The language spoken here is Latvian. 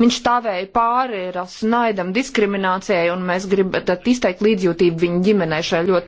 Viņš stāvēja pāri rasu naidam, diskriminācijai, un mēs gribat izteikt līdzjūtību viņa ģimenei šajā ļoti